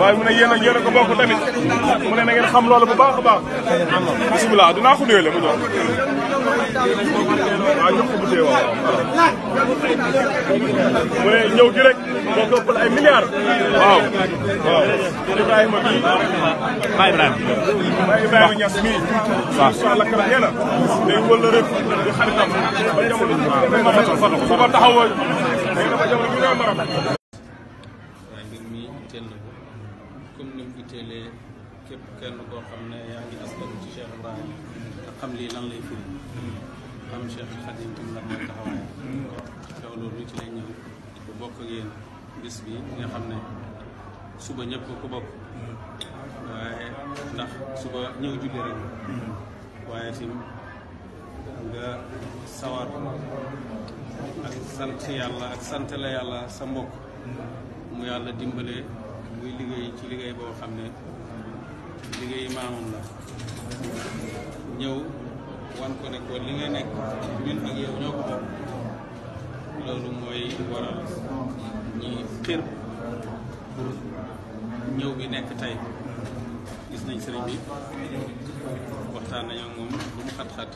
waaye mu ne yéen a yéen a ko bokk tamit mu ne na ngeen xam loolu bu baax a baax bisimilah dinaa ko déele mu jox waaw jox ko bu tee waaw mu ne ñëw gi rek boo ko ëppal ay milliards waaw waaw Ibrahima bi Baye Ibrahima Baye Ibrahima Niass mii waaw sa lakk nee na day wëla rek di xaritam ba jamono ba taxaw ba jamono bi nga maram itteelee képp kenn koo xam ne yaa ngi askanu ci Cheikh Ibrahim nga xam lii lan lay firi xam Cheikh Xadim tam lan mooy taxawaay loolu lu ci lay ñëw bu bokk ak yéen bis bi nga xam ne suba ñëpp ko bokk waaye ndax suba ñëw julli waaye tim nga sawar ak sant yàlla ak sant yàlla sa mbokk mu yàlla dimbalee muy liggéey ci liggéey boo xam ne liggéey maamam la ñëw wan ko ne ko li nga nekk ñun ak yow ñoo ko loolu mooy waral ñi xir ñëw bi nekk tey gis nañ sëriñ bi waxtaan nañu moom lu xat-xat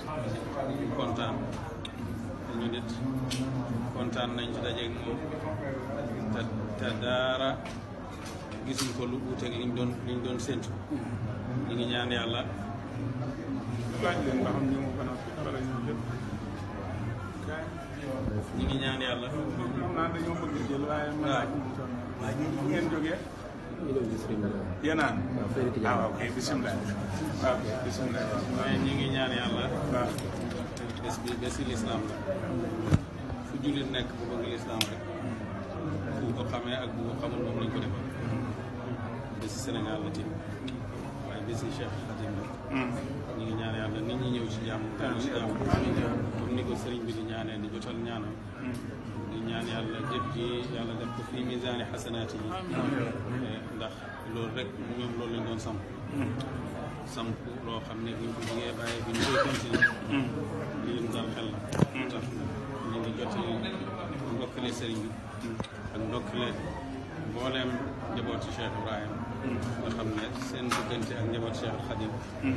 kontaan ñu nit kontaan nañ ci dajeeg moom te te daara gisuñ ko lu wuuteeg liñ doon liñ doon séntu. ñu ñaan yàlla. a wala ñu jël. ñu ngeen jógee. yéenaan. ah waaw kay bisimilah. waaye ñu ngi ñaan yàlla. waaw. bés fu jullit nekk bu bëgg lislaam rek. bu ko xamee ak bu xamul moom lañ ko defal. bési Sénégal la tamit waaye bési Cheikh Khadim la hmm. ñu ngi ñaan yàlla nit ñi ñëw ci jàmm teelu hmm. ni ko sëriñ bi di ñaanee di jotal ñaanam hmm. di ñaan yàlla jëf ji yàlla def ko fii misaani xasanaati yi eh, ndax loolu rek ñoom loolu lañ doon samp samp loo xam ne buñ ko jigee bàyyi bi ñu koy continué li bi ak ndokkale mbooleem njabootu Cheikh Ibrahim hmm. nga xam ne seen diggante ak njabootu Cheikh Khadim hmm.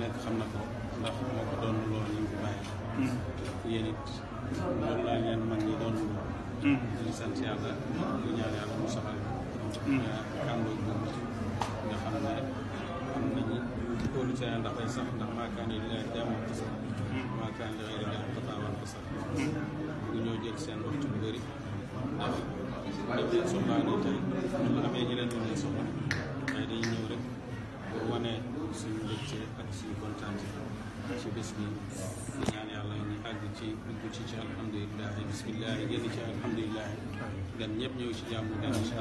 nekk xam na ko ndax moo ko doon loo ñu ngi bàyyi hmm. yéen it loolu la doon loo ñu ñaan yàlla mu saxal euh, nga xam ne sax ndax maakaan yi di lay jaamoo ko sax maakaan yi lay ko taawaan sax bu ñoo jël seen waxtu def leen soxlaa ne tey ñun amee ñeneen ñu leen soxla waaye dañuy ñëw rek boo wane suñu mbégte ak suñu kontaan ci bés bi ñaan yàlla ñu àgg ci ci ñëpp ñëw ci jàmm gan ci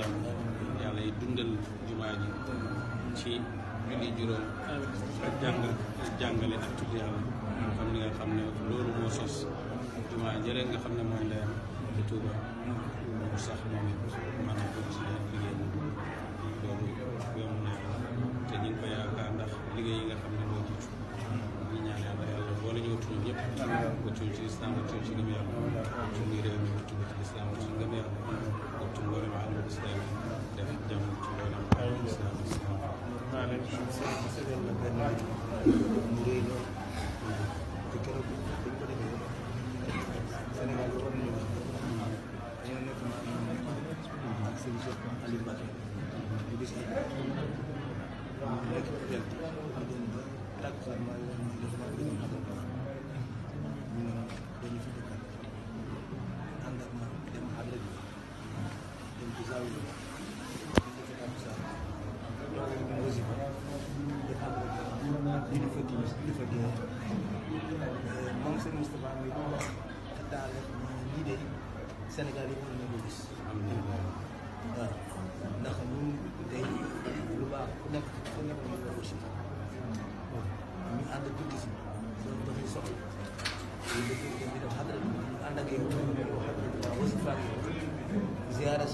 yi dundal jumaa ji ci julli juróom ak jàng jàngale ak tudd xam ni nga xam ne loolu moo sos jumaa jëlee nga xam ne mooy ndeyam ci Touba sax moom it maanaam boobu si daan liggéey boobu yomb na te ñu ngi ko yaakaar ndax liggéey yi nga xam ne moo ñu ñaan yàlla yàlla boole ñu wutuñu ñëpp wutuñu ci islam wutuñu ci gëm yàlla wutuñu réew mi wutuñu ci islam Mbacke ñu gis ay waaw nekk kuréel bi am dem ba tàkkusaan maa ngi leen di def maa ngi leen di xam baax ñu ne dañu fi dëkkal ànd ak maam dem xadra bi dem ci zaawi bi ñu def tàkkusaan wasifa def xadra bi ñu dafa timis ñu dafa génn moom sëñ Moustapha mi wax daal lii de Sénégal yi mën na ko gis waaw ndax ñun tey lu baax ku nekk ku nekk ñu ko aussi ñu ànd dugg si loolu dafay soxla loolu dafay dem di def xadra ñu ànd ak yow ñu wax ziara